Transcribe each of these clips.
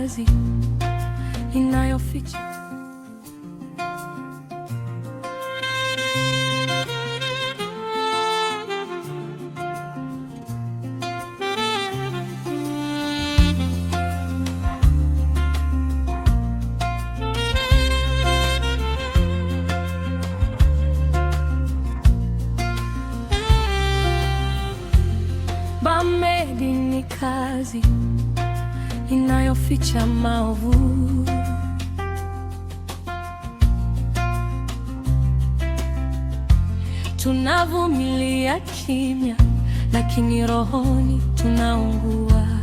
kazi inayoficha Bamedi ni inayoficha maovu. Tunavumilia kimya, lakini rohoni tunaungua.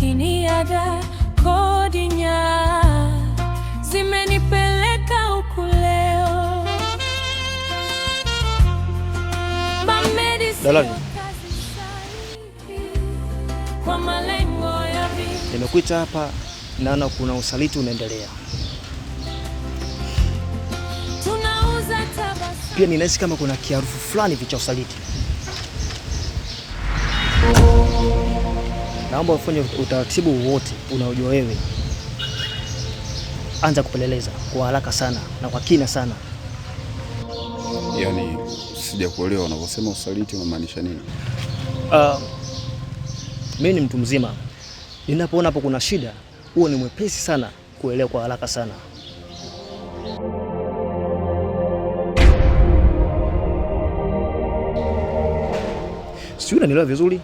kiniada kodi nya zimenipeleka huku leo. Nimekuita hapa, naona kuna usaliti unaendelea. Pia ninahisi kama kuna kiharufu fulani vicha usaliti. naomba ufanye utaratibu wote unaojua wewe, anza kupeleleza kwa haraka sana na kwa kina sana. Yaani sijakuelewa unavyosema usaliti unamaanisha nini? Uh, mimi ni mtu mzima, ninapoona hapo kuna shida huo ni mwepesi sana kuelewa kwa haraka sana. Sijui unanielewa vizuri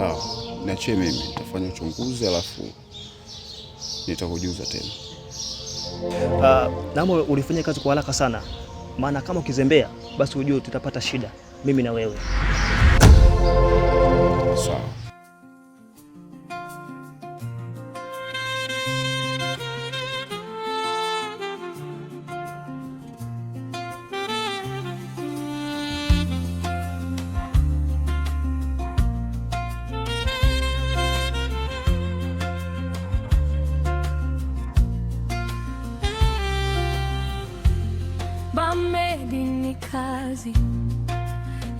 sawa, niachie mimi nitafanya uchunguzi alafu nitakujuza tena. Uh, ah, Naam, ulifanya kazi kwa haraka sana, maana kama ukizembea basi ujue tutapata shida mimi na wewe. Sawa. ni kazi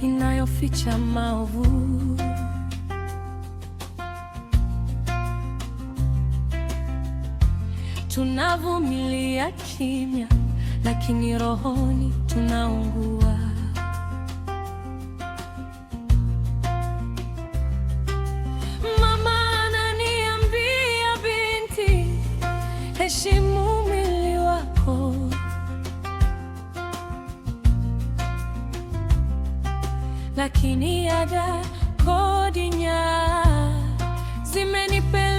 inayoficha maovu. Tunavumilia kimya, lakini rohoni tunaungua. lakini ada kodi nya zimenipe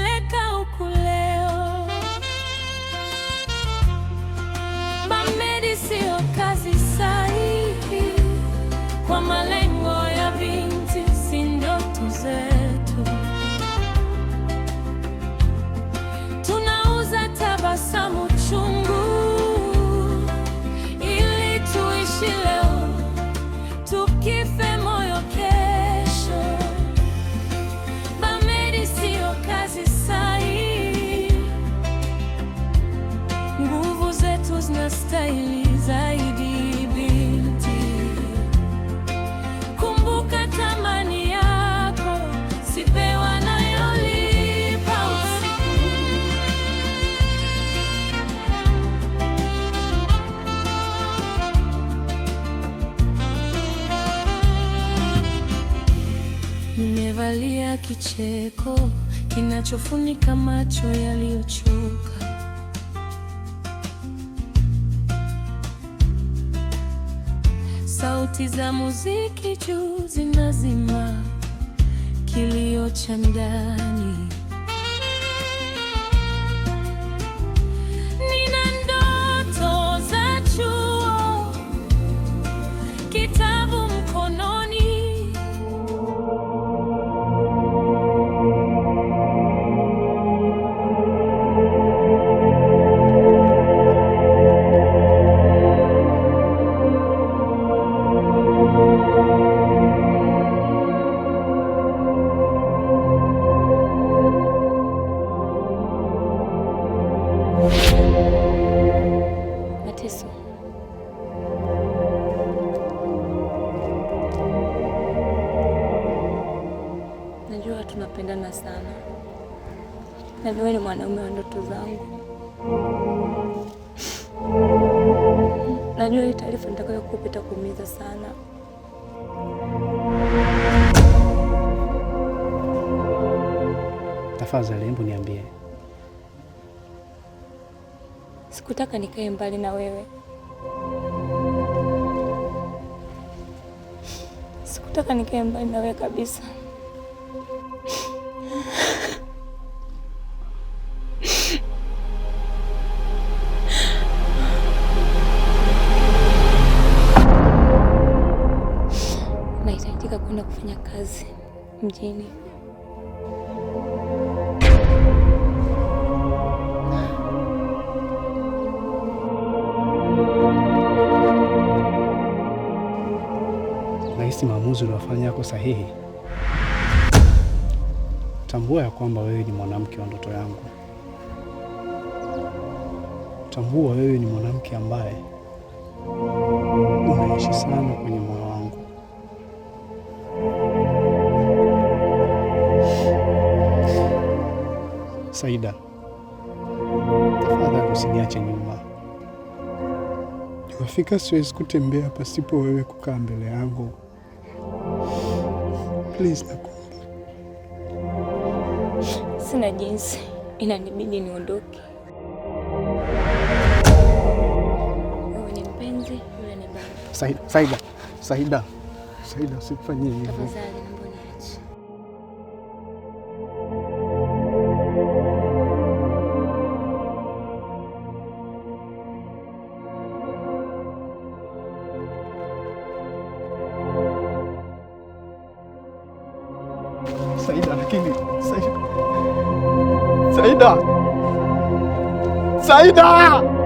ya kicheko kinachofunika macho yaliyochoka. Sauti za muziki juu zinazima kilio cha ndani. sana, na wewe ni mwanaume wa ndoto zangu. Najua hii taarifa nitakayokupa itakuumiza sana. Tafadhali hebu niambie. Sikutaka nikae mbali na wewe, sikutaka nikae mbali na wewe kabisa. kazi mjini. Nahisi maamuzi uliyofanya yako sahihi. Tambua ya kwamba wewe ni mwanamke wa ndoto yangu. Tambua wewe ni mwanamke ambaye unaishi sana kwenye moyo Saida, tafadhali usiniache nyuma. Nimefika, siwezi kutembea pasipo wewe kukaa mbele yangu. Please nakuomba. Sina jinsi, inanibidi niondoke. Saida, Saida, Saida, Saida, usifanye hivyo. Tafadhali, mbona I'm Saida.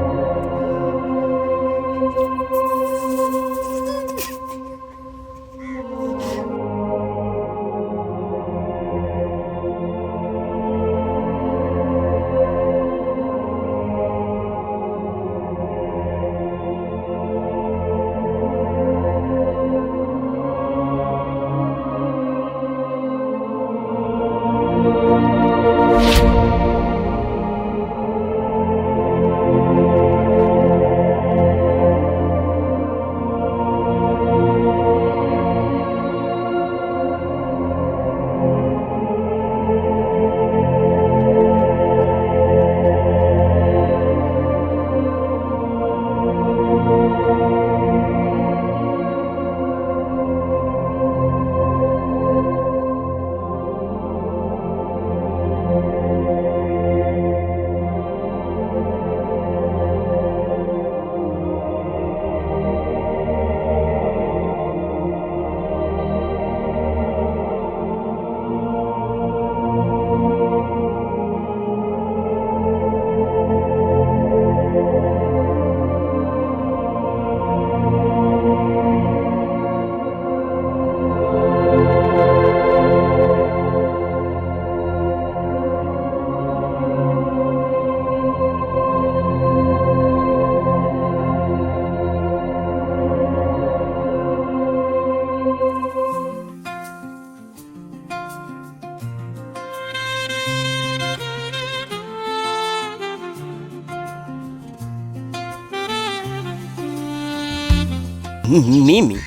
Mimi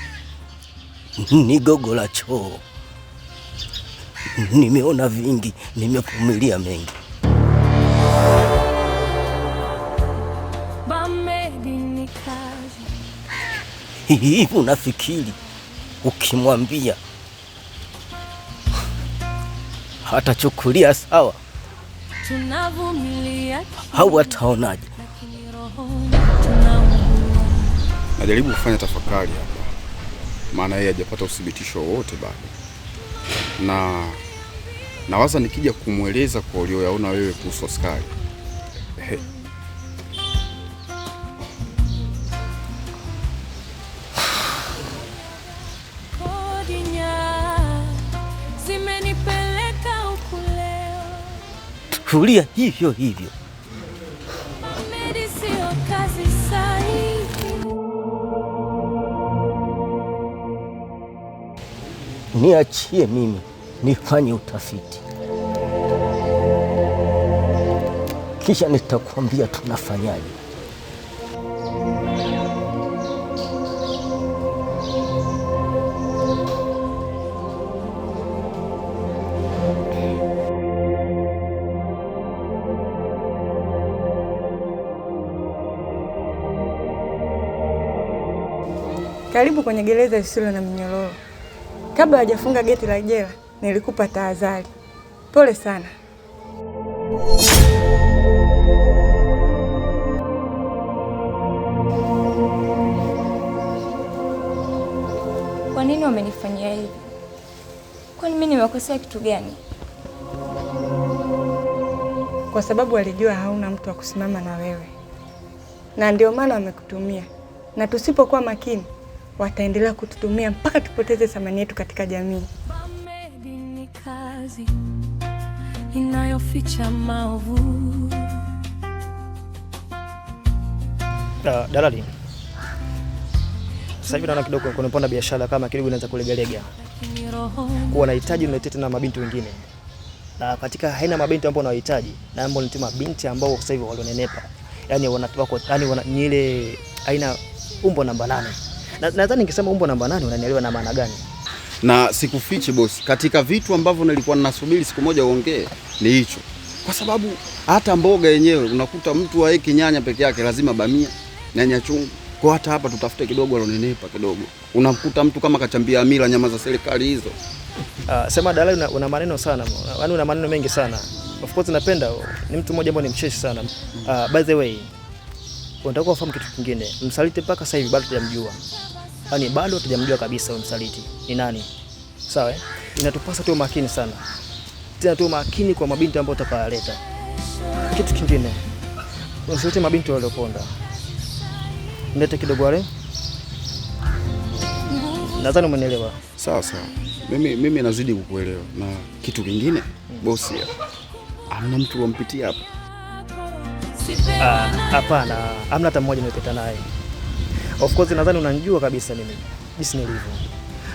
ni gogo la choo, nimeona vingi, nimevumilia mengi. Hivi unafikiri ukimwambia hatachukulia sawa au ataonaje? Najaribu kufanya tafakari hapa, maana yeye hajapata uthibitisho wowote bado, na nawaza nikija kumweleza kwa ulioyaona wewe kuhusu askari hey. Tulia hivyo hivyo. niachie mimi nifanye utafiti, kisha nitakuambia tunafanyaje. Karibu kwenye gereza lisilo na mnyororo. Kabla hajafunga geti la jela, nilikupa tahadhari. Pole sana. Kwa nini wamenifanyia hivi? Kwani mimi nimekosea kitu gani? Kwa sababu alijua hauna mtu wa kusimama na wewe, na ndio maana wamekutumia, na tusipokuwa makini wataendelea kututumia mpaka tupoteze thamani yetu katika jamii. Ni kazi inayoficha maovu. Uh, dalali sasa hivi naona kidogo kunapanda biashara kama kidogo inaanza kulegalega, kuwa nahitaji niletee tena mabinti wengine, na katika haina mabinti ambao nawahitaji na ambao mabinti ambao sasa hivi walionenepa, yani wanatoka, yani wana ile aina umbo namba nane Nadhani nikisema umbo namba nane unanielewa na maana gani? Na sikufichi bosi, katika vitu ambavyo nilikuwa ninasubiri siku moja uongee ni hicho, kwa sababu hata mboga yenyewe unakuta mtu aeki nyanya peke yake, lazima bamia, nyanya chungu kwa hata hapa tutafute kidogo alonenepa kidogo, unamkuta mtu kama kachambia amila nyama za serikali hizo. Uh, sema dalali una, una maneno sana, yaani una maneno mengi sana. Of course napenda ni mtu mmoja ambaye ni mcheshi sana. Uh, by the way unataka ufahamu kitu kingine. Msaliti mpaka sasa hivi bado tujamjua, yani bado tujamjua kabisa huyo msaliti ni nani. Sawa, eh? inatupasa tu makini sana, tena tu makini kwa mabinti ambao utakayaleta. Kitu kingine, usilete mabinti walioponda, mlete kidogo wale, nadhani umenielewa. Sawa sawa, mimi, mimi nazidi kukuelewa. Na kitu kingine, bosi amna mtu wampitia hapa Ah, hapana, uh, amna hata mmoja nimepita naye. Of course nadhani unanijua kabisa mimi jinsi nilivyo,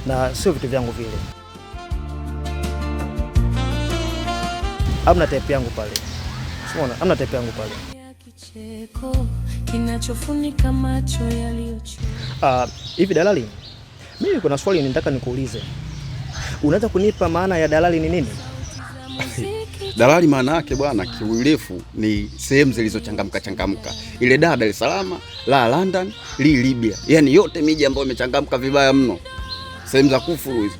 na sio vitu vyangu vile, amna type yangu pale, unaona, amna type yangu pale. Uh, hivi dalali, mimi kuna swali nitaka nikuulize, unaweza kunipa maana ya dalali ni nini? Dalali maana yake bwana, kiurefu ni sehemu zilizochangamka changamka, ile da Dar es Salaam, la London, li Libya, yaani yote miji ambayo imechangamka vibaya mno, sehemu za kufuru hizo.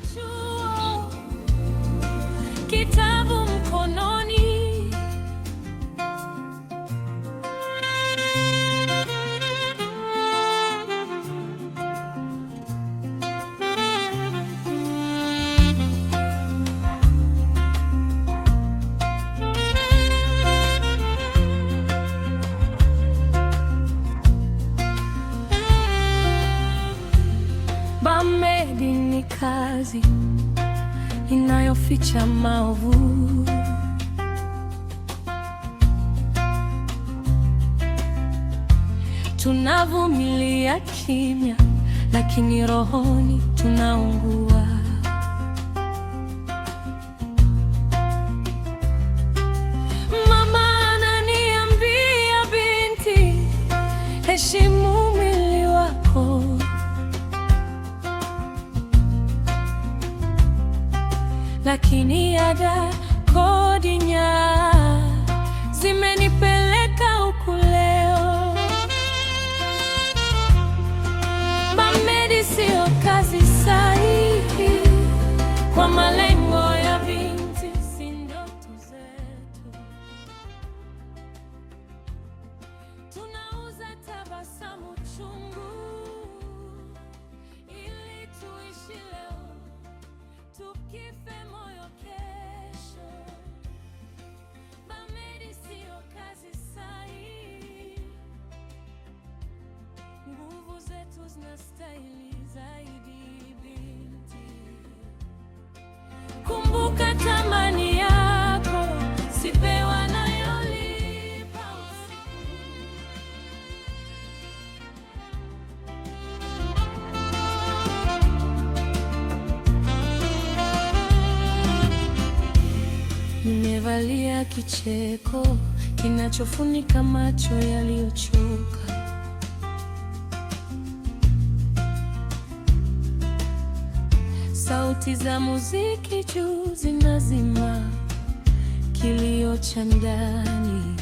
cha maovu. Tunavumilia kimya, lakini rohoni tunaungua. Kumbuka tamani yako sipewa nayolipa. Nimevalia kicheko kinachofunika macho yaliyochoka sauti za muziki juu zinazima kilio cha ndani.